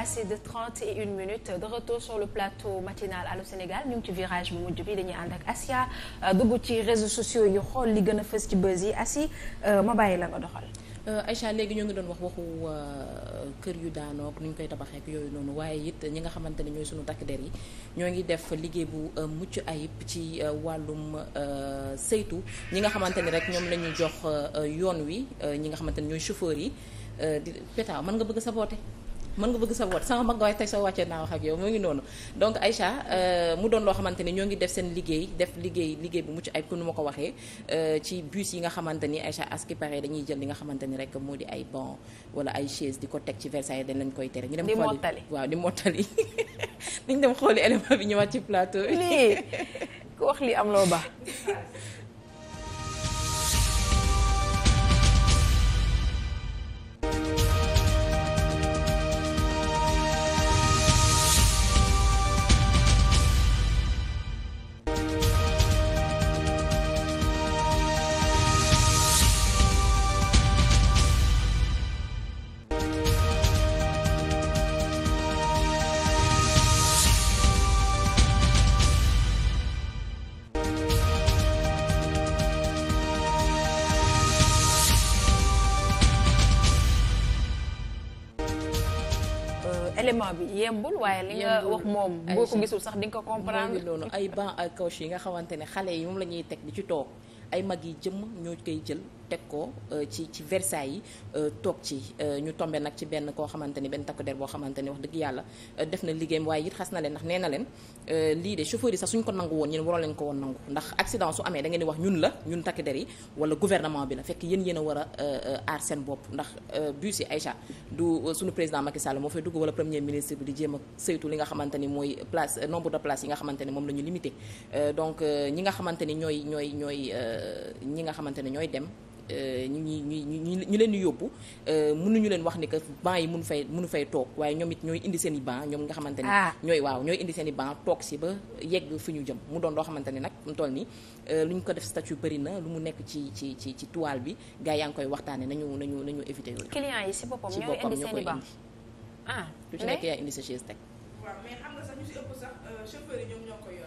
passé de trente et une minutes de retour sur le plateau matinal Allô Sénégal ñu ngi ci virage bu mujj bi dañuy ànd ak Asia euh, dugg ci réseaux sociaux yu xool li gën a fës ci bës yi assi euh, ma bàyyi la nga doxal. Euh, Aïcha léegi ñoo ngi doon wax waxu kër yu daanook nu ñu koy tabaxee ak yooyu noonu waaye it ñi nga xamante ne ñooy sunu takk der yi ñoo ngi def liggéey bu mucc ayib ci wàllum saytu ñi nga xamante ni rek ñoom la ñu jox yoon wi ñi nga xamante ne ñooy chauffeur yi di mën nga bëgg sa boote mën nga bëgg sa woot sama mag nga waaye tey soo wàccee naa wax ak yow moo ngi noonu donc Aïcha euh, mu doon loo xamante ni ñoo ngi def seen liggéey def liggéey liggéey bu mucc ay ku nu ma ko waxee euh, ci bus yi nga xamante ni Aïcha aski pare dañuy jël li nga xamante ni rek moo di ay bon wala ay chaise di ko teg ci Versailles dañ lañ koy tere ñu dem xooli waaw di mottali dañ dem xooli élément bi ñëwaat ci plateau lii ku wax li am loo ba temps bi yembul waaye li nga wax moom boo ko gisul sax di nga ko comprendre noonu ay banc ak couche yi nga xamante ne xale yi moom la ñuy teg di ci toog ay mag yi jëmm ñoo koy jël teg ko euh, ci ci Versailles yi euh, toog ci euh, ñu tombe nag ci benn koo xamante ni benn takk der boo xamante ni wax dëgg yàlla def na liggéeyam waaye it xas na leen ndax nee na leen lii de chauffeur yi sax suñ ko nangu woon ñeen waroon leen ko woon nangu ndax accident su amee da ngeen di wax ñun la ñun takk der yi wala gouvernement bi la fekk yéen yéen a war a aar seen bopp ndax bus yi Aïcha du suñu président Macky Sall moo fay dugg wala premier bi di jéem a saytu nga xamante ni mooy place nombre de places yi nga xamante ni moom la donc ñi nga xamante ni ñooy ñooy ñooy ñi nga xamante ni ñooy dem Euh, ñu ñuy ñu ñu leen di yóbbu euh, mënuñu leen wax ni que banc yi mënu fay mënu fay toog waaye ñoom it ñooy indi seen i banc ñoom nga xamante ne ah. ñooy waaw ñooy indi seen i banc toog si ba yegg fi ñu jëm mu doon loo xamante ne nag mu toll ni euh, lu ñu ko def statut bëri na lu mu nekk ci ci ci ci toile bi gars yaa ngi koy waxtaane nañu nañu nañu éviter yooyu client yi si boppam ñooy indi seen i banc ah lu ci nekk yaa indi sa chaise teg waaw mais xam nga sax ñu si ëpp sax chauffeur yi ñoom ñoo koy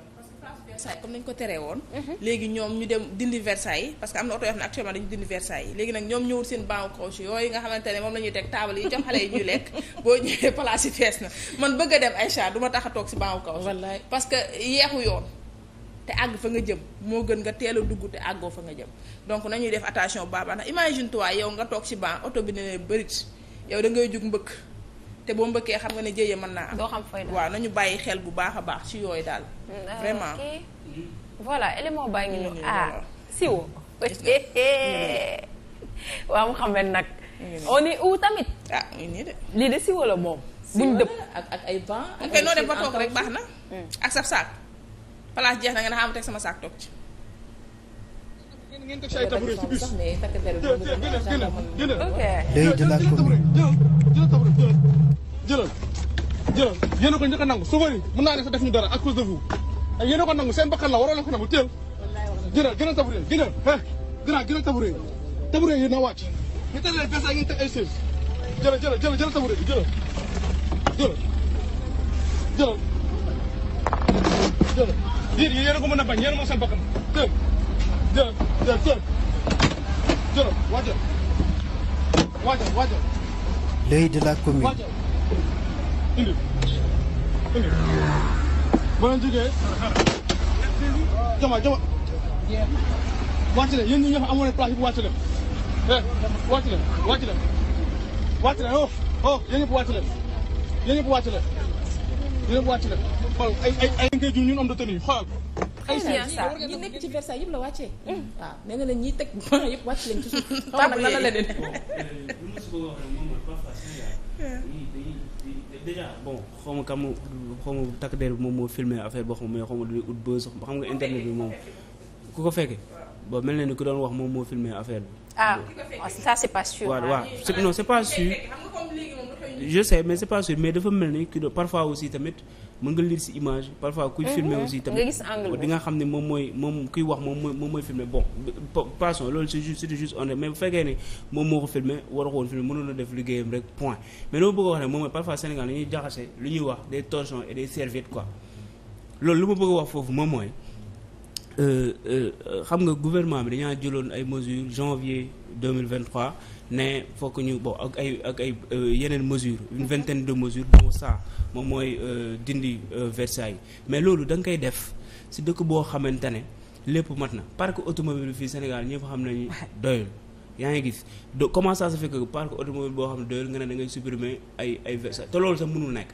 Versailles comme nañu ko teree woon mhm. léegi ñoom ñu dem dindi Versailles parce que am na oto yoo xam ne actuellement dañu dindi Versailles léegi nag ñoom ñëwul seen banc coach yooyu nga xamante ne moom la ñuy teg taabal yi jox xale yi ñuy lekk boo ñëwee place yi fees na man bëgg a dem Aïcha du ma tax a toog si banc coach wallaay parce que yeexu yoon te àgg fa nga jëm moo gën nga teel a dugg te àggoo fa nga jëm donc nañuy def attention bu baax ndax imagine t yow nga toog si banc oto bi ne bërit yow da ngay jug mbëkk te boo mbëkkee xam nga ne jéye mën naa am. doo xam fooy waaw nañu bàyyi xel bu baax a baax ci yooyu daal. vraiment voilà élément baa ngi noonu ah siwo. waaw mu xam ne nag. on est tamit. ah nii de. lii de siwo la moom. buñ dëpp ak ak ay banc. ak ay noo saf saak. place jeex na nga ne xam teg sama saak toog ci. jëlal yéen a ko njëkk a nangu souverain mën naa ne sax def dara à cause de vous eh, yéen a ko nangu seen bakkan la waroo leen ko nangu téel jëlal gënal tabouret gënal eh gënal gënal tabouret tabouret yi na wàcc ñu teg leen bés ak ñu teg ay chaise jëlal jëlal jëlal jëlal tabouret bi jëlal jëlal jëlal jëlal yéen yéen a ko mën a bañ yéen a moom seen bakkan téel jëlal jëlal téel jëlal wàccal wàccal wàccal indi indi boo leen jógee jama jama wàcc leen yéen ñi nga xam amoon place yi bu wàcc leen wàcc leen wàcc leen wàcc leen oh oh yéen ñëpp wàcc leen yéen ñëpp wàcc leen yéen ñëpp wàcc leen xool ay ay ay ngeen ñun am de tenue xoolal ay chaise ñi nekk ci Versailles yëpp la wàccee. Mm. waaw nee nga leen ñiy teg ban yëpp wàcc leen ci suuf. bon xaw kam xaw takk der bi moom moo filmé affaire boo xam xam nga internet bi moom ku ko fekkee ba mel na ni ku doon wax moom moo filmé affaire bi. ah, ah ça c'est pas sûr. waaw waaw non c'est pas sûr. je sais mais c'est pas sûr mais dafa mel ni kii parfois aussi tamit mën nga lire si image parfois kuy mhm. filmer aussi tamit di nga xam ne moom mooy moom kuy wax moom mooy moom mooy filmer bon passons loolu c'est juste c'est juste honnête mais bu fekkee ne moom moo ko filmer war a ko woon filmer mënoon na def liggéeyam rek point mais loolu bëgg a wax ne moom mooy parfois Sénégal dañuy jaxase lu ñuy wax des torchons et des serviettes quoi loolu lu ma bëgg a wax foofu moom mooy euh, euh, xam nga gouvernement bi dañaa jëloon ay mesures janvier 2023 ne faut ñu bon ak ay ak ay euh, yeneen mesures une vingtaine de mesures bon ça moom mooy euh, dindi euh, Versailles mais loolu da koy def si dëkk boo xamante ne lépp mat na parc automobile fii Sénégal ñëpp xam nañu doyul yaa ngi gis do comment ça se fait que parc automobile boo xam ne nga ne da ngay supprimer ay ay Versailles te loolu sax munu nekk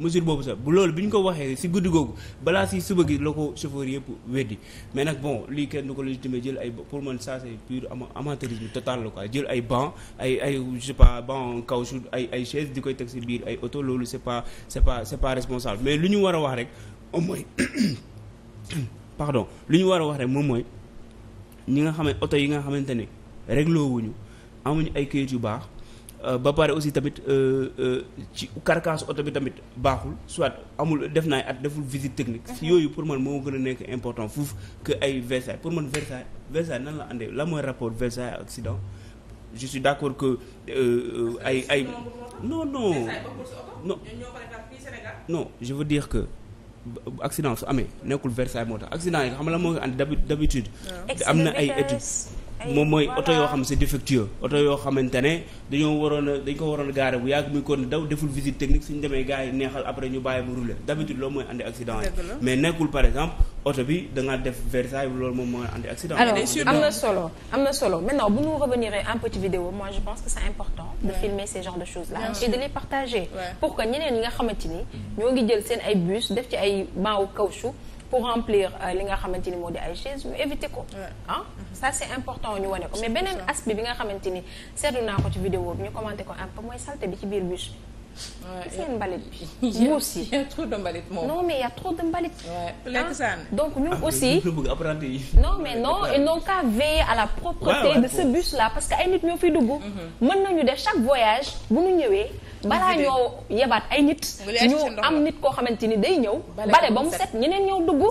mesure boobu sax bu loolu bi ñu ko waxee si guddi googu balaa si suba gi la ko chauffeur yëpp weddi mais nag bon lii kenn du ko légitimer jël ay pour man ça c'est pur amateurisme total la quoi jël ay banc ay ay je sais pas banc en caoutchouc ay ay chaise di koy teg si biir ay oto loolu c'est pas c'est pas c'est pas responsable mais lu ñu war a wax rek au moins pardon lu ñu war a wax rek moom mooy ñi nga xam ne oto yi nga xamante ne réglé wuñu amuñu ay kayit yu baax Euh, ba pare aussi tamit euh, euh, ci carcasse oto bi tamit baaxul soit amul def naa at deful visite technique. si mhm. yooyu pour man moo gën a nekk important fuuf que ay Versailles pour man Versailles Versailles nan la andee la mooy rapport Versailles ak accident je suis d'accord que ay ay. non non non je veux dire que. accident su amee nekkul Versailles moo tax accident yi xam nga la mooy koy andi d'habitude am na ay études moom mooy oto yoo xam c'est défectueux oto yoo xamante dañoo waroon a dañ ko waroon a gaare bu yàgg muy kon daw deful visite technique suñu demee gars yi neexal après ñu bàyyi mu rouler d'habitude loolu mooy andi accident yi mais nekkul par exemple oto bi da def Versailles loolu moom mooy andi accident alors am na solo am na solo maintenant bu ñu revenir un petit vidéo moi je pense que c'est important de filmer ces de choses là pour que pour remplir euh, li nga xamante ni moo di ay chaise ñu éviter ko ah mm-hmm. ça c'est important ñu wane ko mais beneen aspect bi nga xamante ni seetlu naa ko ci vidéo bi ñu commenté ko un peu mooy saleté bi ci biir bi bi gis ngeen mbalit bi. mbuus yi y' de mbalit moom. non mais y' a trop de mbalit. donc ñun aussi. non mais non ils n'ont qu'à veiller à la propreté de ce bus là parce que ay nit ñoo fiy dugg. Mhm. mën nañu def chaque voyage bu ñu ñëwee. balaa ñoo yebaat ay nit. ñu am nit koo xamante ni day ñëw. bale ba mu set ñeneen ñëw dugg.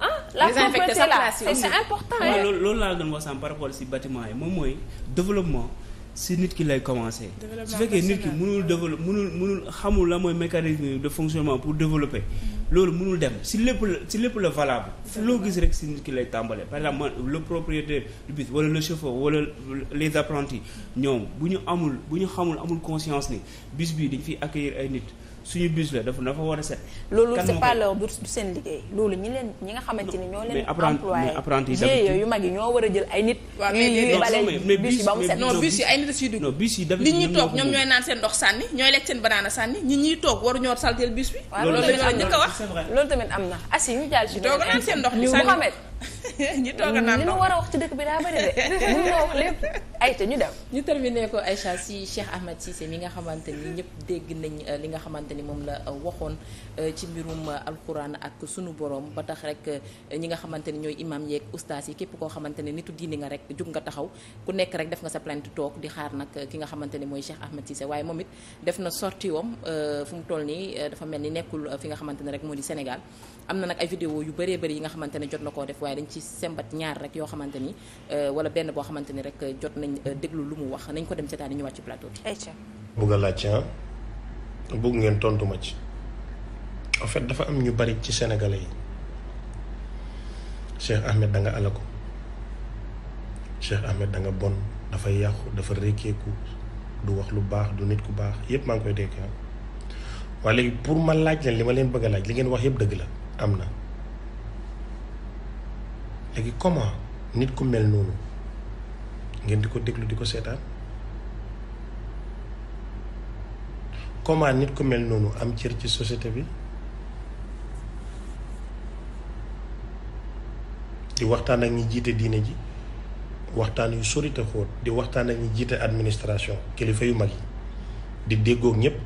ah la propreté là c'est loolu laa doon wax sànq si bâtiment yi moom mooy développement. si nit ki lay commencer. su fekkee nit ki mënul développer mënul mënul xamul la mooy mécanisme de fonctionnement pour développer. loolu mënul dem si lépp la si lépp la valable. loo gis rek si nit ki lay tàmbalee par exemple man le propriétaire du bus wala le chauffeur wala les apprentis ñoom bu ñu amul bu ñu xamul amul conscience ni bus bii dañ fiy accueillir ay nit. suñu bus la dafa dafa war a set. loolu c'est pas du seen liggéey. loolu ñi leen ñi nga xamante ni ñoo leen. employé GIE yu mag yi ñoo war a jël ay nit. waaw mais léegi mais bus yi ba mu set. non bus yi ay nit a siy dugg. non bus yi nit ñi toog ñoom ñooy naan seen ndox sànni ñooy lekk seen banaana sànni ñi ñuy toog waru ñoo salteel bus bi. loolu tamit am na loolu tamit am na. asi ñu jàll si. doog naan seen ndox bi sànni ñu a naan li ma war a wax ci dëkk bi daa bëri de mënuloo wax lépp ayta ñu dem. ñu terminé ko Aïcha si Cheikh Ahmed Cissé mi nga xamante ni ñëpp dégg nañ euh, li nga xamante ni moom la euh, waxoon euh, ci mbirum alquran ak sunu borom ba tax rek ñi nga xamante ni ñooy imam yeeg ustaas yi képp koo xamante ne nitu diini nga rek jug nga taxaw ku nekk rek def nga sa plainte toog di xaar nag ki nga xamante ni mooy Cheikh Ahmed se waaye moom it def na sorti wam fu mu toll nii dafa mel ni nekkul fi nga xamante ne rek moo di Sénégal am na nag ay vidéo yu bëree bëri yi nga xamante ne jot na koo def waaye dañ ci sembat ñaar rekk yoo xamante ni euh, wala benn boo xamante ni rek jot nañ euh, déglu lu mu wax nañ ko dem seetaan ni ñëwaat ci plateau bi. bugg a laaj ah? bugg ngeen tontu ci en fait dafa am ñu bari ci sénégalais yi Cheikh Ahmed da nga alako Cheikh Ahmed da nga bon dafa yàqu dafa rékkeeku du wax lu baax du nit ku baax yépp maa ngi koy dégg ah. waaye léegi pour ma laaj leen li ma leen bëgg a laaj li ngeen wax yépp dëgg la am na. léegi comment nit ku mel noonu ngeen di ko déglu di ko seetaan comment nit ku mel noonu am cër ci société bi di waxtaan ak ñi jiite diine ji waxtaan yu sori xóot di waxtaan ak ñi jiite administration kilifa yu mag yi di déggoog ñépp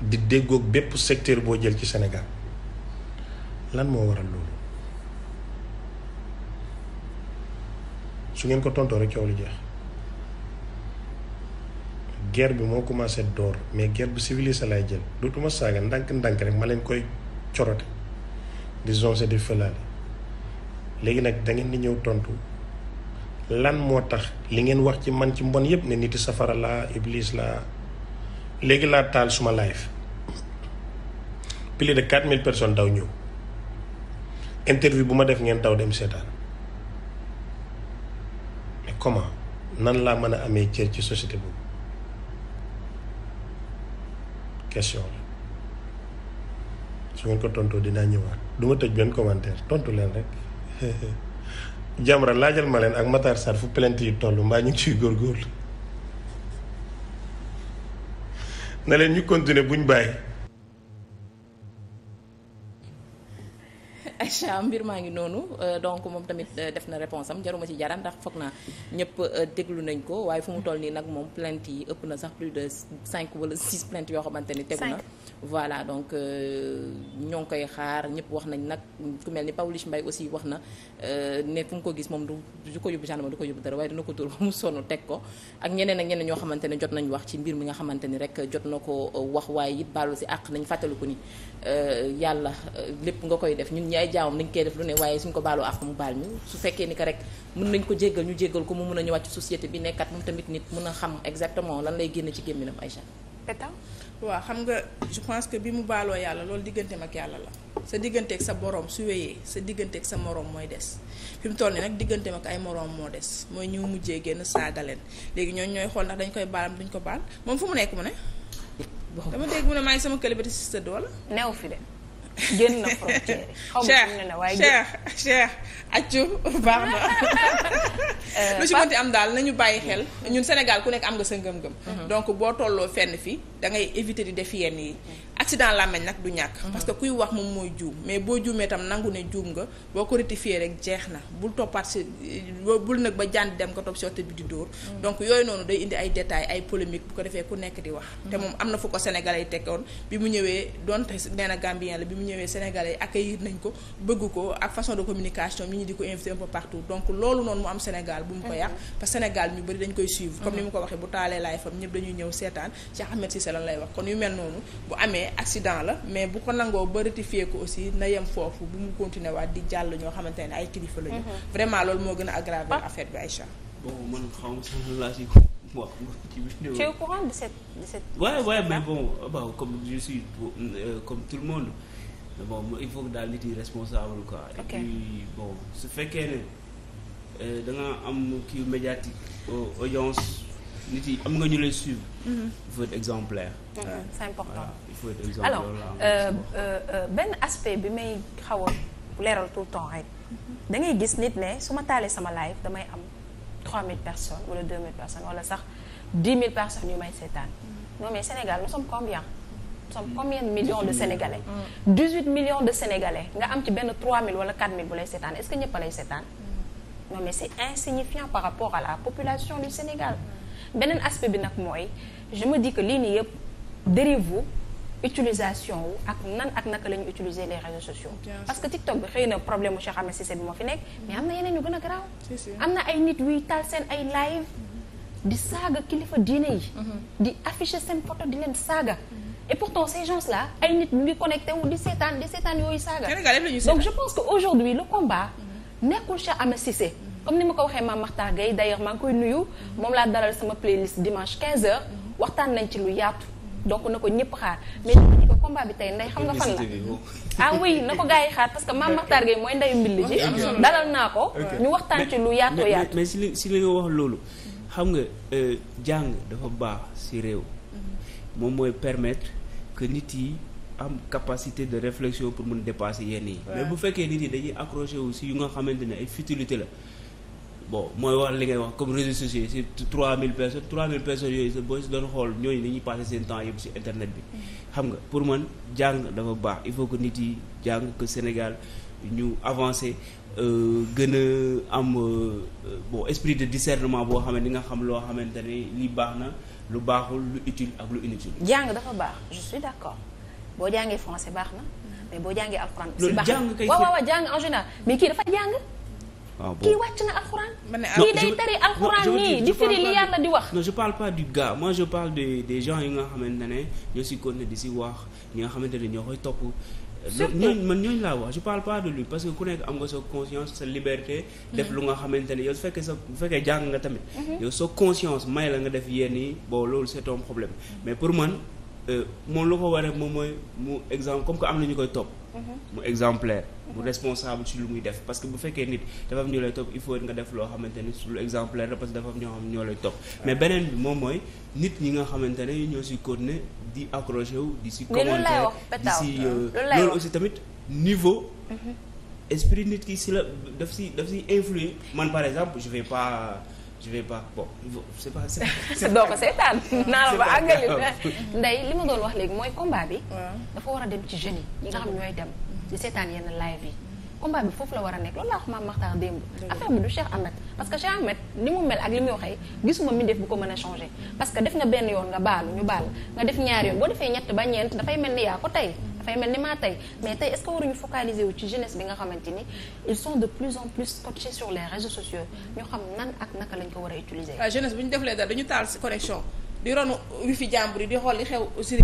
di déggoog bépp secteur boo jël ci Sénégal lan moo waral loolu su ngeen ko tontoo rek coow lu jeex guerre bi moo commencé door mais guerre bu civilisé lay jël tuma saaga ndànk-ndànk rek ma leen koy corote di zonse di fëlaale léegi nag da ngeen di ñëw tontu lan moo tax li ngeen wax ci man ci mbon yépp ne niti safara laa iblis laa léegi laa taal suma live plus de mille personnes daw ñëw interview bu ma def ngeen taw dem seetaan mais comment nan laa mën a amee cër ci société boobu question la su ngeen ko tontoo dinaa ñëwaat du ma tëj benn commentaire tontu leen rek Jamra laajal ma leen ak Matar Sarr fu plainte yi toll mbaa ñu ngi ciy góor góorgóorlu na leen ñu continuer buñ bàyyi. Aïcha mbir maa ngi noonu euh, donc moom tamit euh, def na réponse am jaruma ci jaaraan ndax foog naa ñëpp euh, déglu nañ ko waaye fu mu toll nii nag moom plainte yi ëpp na sax plus de cinq wala six plaintes yoo xamante ni tegu na voilà donc ñoo ngi koy xaar ñëpp wax nañ nag ku mel ni Pawlish Mbaye aussi wax na ne fu ko gis moom du du ko yóbbu gendarme du ko yóbbu dara waaye dina ko dóor ba mu sonn teg ko ak ñeneen ak ñeneen ñoo xamante ne jot nañ wax ci mbir mi nga xamante ni rek jot na ko wax waaye it baalu si àq nañ fàttaliku ni yàlla lépp nga koy def ñun ñi jaamam dañ koy def lu ne waaye suñ ko baaloo ak mu baal su fekkee ni que rek mën ko jéggal ñu jéggal ko mu mën a ñëwaat ci société bi nekkat moom tamit nit mën a xam exactement lan lay génn ci gémminam Aïcha waaw xam nga je pense que bi mu baaloo yàlla loolu digganteem yàlla la sa digganteeg sa borom su wéyee sa digganteeg sa morom mooy des fi mu toll nii nag digganteem ak ay morom moo des mooy ñu mujjee génn saaga leen léegi ñooñu ñooy xool ndax dañ koy baalam duñ ko baal moom fu mu nekk mu ne. dama dégg mu ne maa ngi sama kële ba si sa doola. new fi de. génn na frontière xaw ma ne waaye Cheikh Cheikh accu baax na euh, lu ci mënti am daal nañu bàyyi xel ñun Sénégal ku nekk am nga sa ngëm-ngëm mhm. donc boo tolloo fenn fii da ngay éviter di def yenn yi mhm. accident làmmeñ nag du ñàkk mhm. parce que kuy wax moom mooy juum mais boo juumee tam nangu ne juum nga boo ko rectifier rek jeex na bul toppaat si bul nag ba jànd dem ko topp si bi di dóor donc yooyu noonu day indi ay détails ay polémique bu ko defee ku nekk di wax te moom am na fu ko Sénégalais yi tekkoon bi mu ñëwee donte ñëwee sénégal yi accueillir nañ ko bëgg ko ak façon de communication mi ñu di ko invité un peu partout donc loolu noonu mu am Sénégal bu mu ko yàq mm-hmm. Sénégal ñu bëri dañ koy suivre comme ni mu ko mm-hmm. waxee bu taalee laay fam ñëpp dañuy ñëw seetaan Cheikh Ahmed Cissé lan lay wax kon yu mel noonu bu amee accident la mais bu ko nangoo ba rectifier ko aussi na yem foofu bu mu continuer waat di jàll ñoo xamante ne ay kilifa lañu mm-hmm. vraiment loolu moo gën a aggraver ah. affaire bi Aïcha bon man xaw ma sax laa si wax ci vidéo. tu es au courant de cette mais bon ah bah comme je suis euh, comme tout le monde. bon il faut que daal nit yi responsable quoi. et puis bon su fekkee ne euh, da am kii médiatique euh, audience nit yi am nga ñu lay suivre. Mhm. il faut être exemplaire. Mm -hmm. c'est important il faut exemplaire. alors euh, benn aspect bi may xaw a leeral tout le temps rek mhm. da ngay gis nit ne su ma taalee sama live damay am 3000 personnes wala 2000 personnes wala sax 10 000 personnes yu may seetaan mhm. non mais Sénégal nous sommes combien. nous sommes combien de millions de sénégalais. 18 de sénégalais nga am ci benn 3000 wala 4000 bu lay seetaan a lay seetaan non mais c'est insignifiant bi nag mooy je me dis que nii yëpp dérive utilisation wu ak nan ak naka la ñu utiliser les réseaux parce que TikTok bi xëy na problème mu Cheikh Ahmed moo fi nekk. mais am na yeneen yu gën a garaaw. am na ay nit yuy taal seen ay live. di saaga kilifa diine yi. Mhm. di afficher seen photo di leen saaga. et pourtant ces gens-là ay nit ñu connecté wu di seetaan di seetaan yooyu saaga donc je pense que aujourd'hui le combat mhm. nekkul Cheikh Ahmed Cissé comme ni ma ko waxee Mame Makhtar Gueye d'ailleurs maa ngi koy nuyu mhm. moom laa dalal sama playlist dimanche 15h mhm. waxtaan nañ ci lu yaatu donc na ko ñëpp xaar mais dañu ko combat bi tey nday xam nga fan la oh. ah oui na ko gaa yi xaar parce que Mame Makhtar Gueye mooy ndeyu mbill ji dalal naa ko ñu waxtaan ci lu yaatu yaatu mais si li si li nga wax loolu xam nga euh, jàng dafa baax si réew moom mooy permettre que nit yi am capacité de réflexion pour mën dépasser yenn yi. mais bu fekkee nit yi dañuy accroché aussi yu nga xamante ne ay futilité la. boo mooy wax li ngay wax comme réseaux sociaux yi c'est 3000 personnes 3000 personnes yooyu sa boo si doon xool ñooñu dañuy passé seen temps yëpp si internet bi. Mm. xam nga pour man jàng dafa baax il faut que nit yi jàng ko Sénégal ñu avancé euh, gën a am euh, bon esprit de discernement boo xam ne di nga xam loo xamante ne lii baax na. lu baaxul lu utile ak lu inutile. jàng dafa baax je suis d'accord boo jàngee français baax na mais boo jàngee alxuraan. loolu jàng kay waaw waaw jàng en général mais kii dafa jàng. waaw ah, kii wàcc na alxuraan. kii day tari alxuraan nii di firi li yàlla di wax. non je parle pas du gars moi je parle de des gens yi nga xamante ne ñoo si continué di si wax ñi nga xamante ne ñoo koy topp. ñooñu man ñooñu laa wax je parle pas de lui parce que ku nekk am nga sa conscience sa liberté def lu nga xamante ne yow su sa bu fekkee jàng nga tamit mhm. sa conscience may la nga def yenn yi bon loolu c'est ton problème mais pour man euh, moom lu ko waree moom mooy mu exemple comme que am na ñu koy topp Mm-hmm. mu exemplaire mu responsable ci lu muy def parce que bu fekkee nit dafa am ñoo lay topp il faut nga def loo xamante ni lu exemplaire la parce que dafa am ñoo xam ñoo lay topp mais beneen bi moom mooy nit ñi nga xamante ne ñoo si continuer di accroché wu di si commentaire di si euh, loolu aussi tamit niveau mm-hmm. esprit nit ki si la daf si daf si influer man par exemple je vais pas je vais pas bon c'est pas doo ko seetaan naa la ba àggali nday li ma doon wax léegi mooy combat bi dafa war a dem ci jeunes yi ñi nga xam ñooy dem di seetaan yenn live yi combat bi foofu la war a nekk loolu laa wax maam Maxtaar démb affaire bi du Cheikh Ahmed parce que Cheikh Ahmed ni mu mel ak li mu waxee gisuma mbindeef bu ko mën a changé parce que def nga benn yoon nga baalu ñu baal nga def ñaari yoon boo defee ñett ba ñeent dafay mel ni yaa ko tey dafay mel ni ma tey mais tey est-ce que waruñu focaliser wu ci jeunesse bi nga xamante ni ils sont de plus en plus scotchés sur les réseaux sociaux ñu xam nan ak naka lañ ko war a utiliser. waaw ah, jeunesse bu ñu defulee dara dañu taal si connexion di ronu wifi jàmbur yi di xool di xew aussi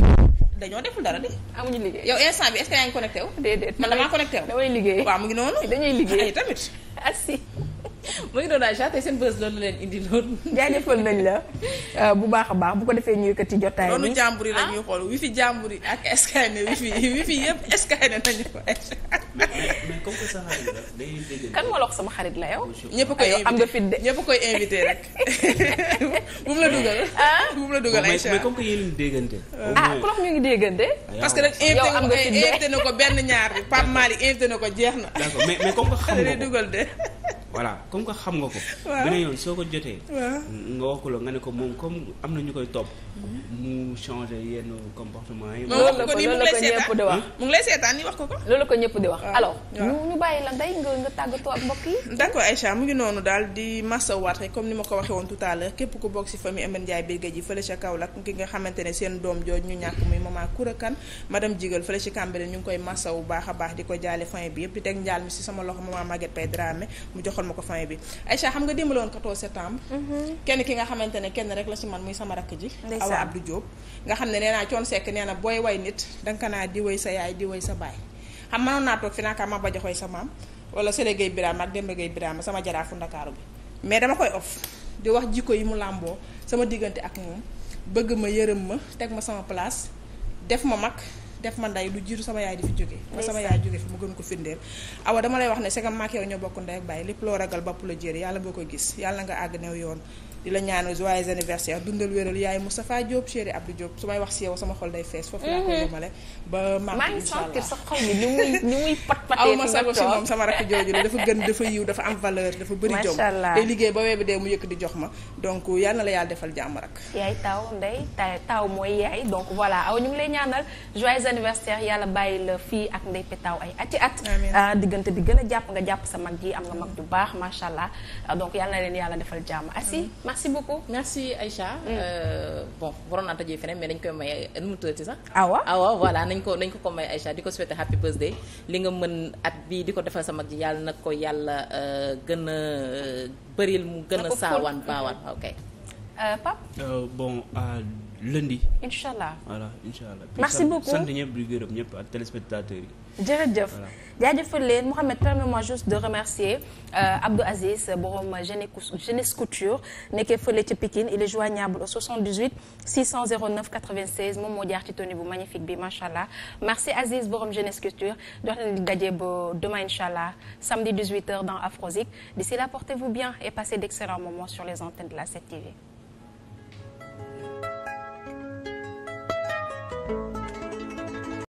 dañoo deful dara de. amuñu liggéey yow instant bi est-ce que yaa ngi connecté man damaa connecté damay liggéey waaw mu ngi noonu. dañuy liggéey ay ah, tamit. assi ah, mu ngi doon Aïcha tey seen bës loolu leen indi loolu. jaajëfal nañ la euh, bu baax a baax bu ko defee ñuy kati jotaay bi loolu jàmbur yi la ah. ñuy xool wifi jàmbur yi ak escane wifi wifi yëpp escane nañu ko. mais que sa xarit la day dégg. kan moo la sama xarit la yow. ñëpp ko invité am nga fit de ñëpp koy invité rek. bu mu la dugal. bu ah. mu la dugal Aïcha a déggante. ah ku la ñu ngi déggante. parce que nag invité na ko benn ñaar bi yi Malick invité ko jeex na. d'accord mais mais comme que xam nga dugal de. voilà comme que xam nga ko. waaw soo ko jotee. nga wax ko ne ko moom comme am na ñu koy topp. mu changé yenn comportement yi. mu ngi lay seetaan ni wax ko ko. loolu ko ñëpp di wax alors. ñu bàyyi la day nga nga tàggatoo ak mu ngi noonu daal di masawaat rek comme ni ma ko waxee woon tout à l'heure képp ku bokk si famille Ameth Ndiaye Birga ji fële ca Kaolack ki nga xamante ne seen doom jooju ñu ñàkk muy maman Koura ma madame Jigal fële ci Cambérène ñu ngi koy masawu baax a baax di ko jaale fin bi yëpp di teg njaal mi si sama loxo maman Maguette Pay defal ma ko fin bi Aïcha xam nga démb la septembre mhm. kenn ki nga xamante ne kenn rek la ci man muy sama rakk ji Awa Abdou Diop nga xam ne nee naa coon sekk nee na booy way nit danga naa di way sa yaay di way sa baay xam mënoon naa toog fi naaka ma ba jox way sa maam wala Séré Gueye Birama ak Demba Gueye Birama sama jaraafu Ndakaaru bi mais dama koy off di wax jikko yi mu làmboo sama diggante ak moom bëgg ma yërëm ma teg ma sama place def ma mag def ma nday lu jiitu sama yaay di fi jóge ba sama yaay jóge fi mu gën ko firndeel awa dama lay wax ne c'est que maak bokk ndey ak bàyyi lépp loo ragal bopp la jéer yàlla boo ko gis yàlla nga àgg new yoon di la ñaanal joyeux anniversaire dundal wéral yaay Moustapha Diop chéri Abdou Diop su may wax si yow sama xol day fees. foofu laa koy mhm. sa xol bi ni ni muy patpatee. aw ma sago si moom sama rakk jooju la dafa gën dafa yiw dafa am valeur dafa bëri jom. macha allah day liggéey ba wee dee mu yëkk di jox ma donc yal la yàlla defal jàmm rak. taw ndey taw mooy yaay donc voilà aw ñu ngi lay ñaanal joyeux anniversaire yàlla bàyyi la fii ak ndey petaaw ay ati at. amiin ah, diggante bi gën a jàpp nga jàpp sa mag ji am nga mag ju baax macha allah ah, donc yal leen yàlla defal jàmm asi merci beaucoup merci Aïcha. Mm. Euh, bon waroon naa tëjee feneen mais dañ koy may euh, nu mu tuddati sax. ah waaw ah nañ ko nañ ko ko may Aïcha di ko souhaiter happy birthday li nga mën at bii di ko defal sa mag ji yàlla nag ko yàlla euh, gën a bëril mu gën a saawaan baawaan ok. Euh, Pape. Euh, bon à lundi. incha allah voilà incha allah. merci beaucoup sant ñëpp di jërëjëf jaajëfal leen Mouhamed permets-moi juste de remercier euh, Abdou Aziz borom Jeunesse Couture nekkee fële ca Pikine il est bu magnifique bi macha allah merci Aziz borom Jeunesse Couture dox leen di daje ba demain incha allah samedi 18h